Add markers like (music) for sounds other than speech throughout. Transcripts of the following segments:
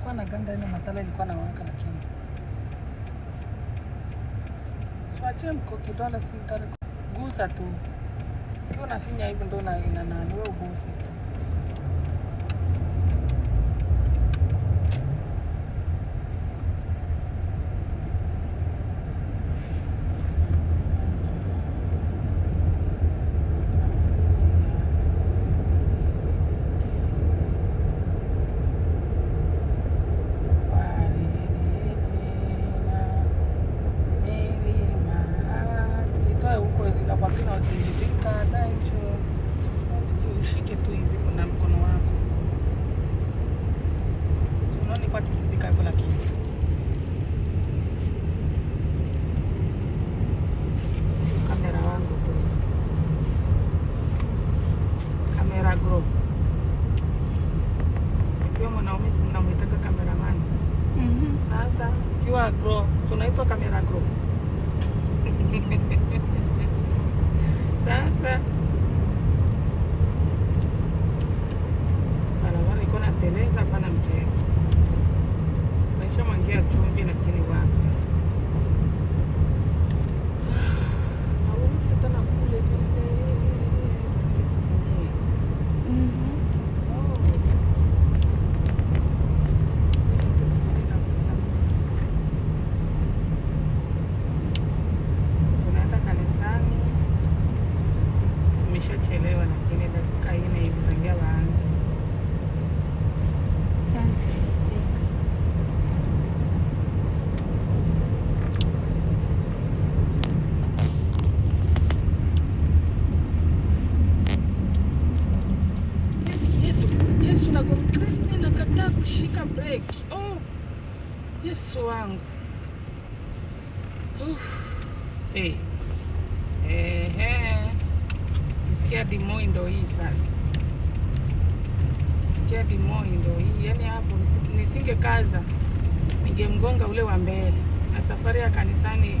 ilikuwa na ganda ile matala ilikuwa na waka na chuma. Siachie mko kidole si gusa tu. Ukiwa unafinya hivi na ina nani wewe uguse tu. basi vikata hicho ushike tu hivi na mkono wako unoni kwa hivyo, lakini kamera wangu kamera grow ukiwa mwanaume mnamwitaka kameramani. Mhm. Sasa ukiwa grow, so unaitwa kamera grow. mchezo. Naishamwangia chumvi na Yesu wangu hey. Ehe, kisikia dimoi ndo hii sasa, sikia dimoi ndo hii yaani, hapo nisingekaza, nigemgonga ule wa mbele na safari ya kanisani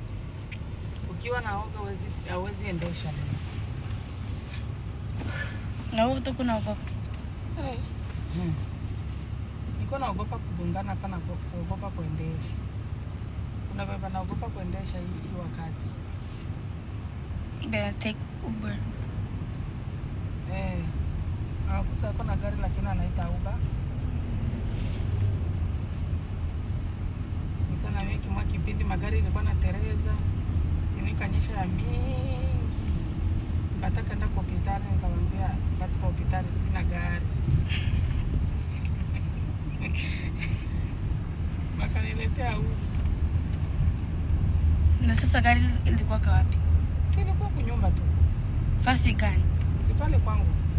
ukiwa na woga hauwezi endesha. Na wewe tu kunaogopa? Eh. Hmm. Niko naogopa kugongana, pana kuogopa kuendesha. Kuna baba naogopa kuendesha hii wakati. Better take Uber. Eh. Anakuta ako na gari lakini anaita Uber. Niko na kipindi magari ilikuwa na Tereza sinikanyesha mingi, nikataka enda kwa hospitali, nikamwambia katika hospitali sina gari (laughs) wakaniletea huku. Na sasa gari ilikuwa kawapi? Ilikuwa kunyumba tu. Fasi gani? Si pale kwangu.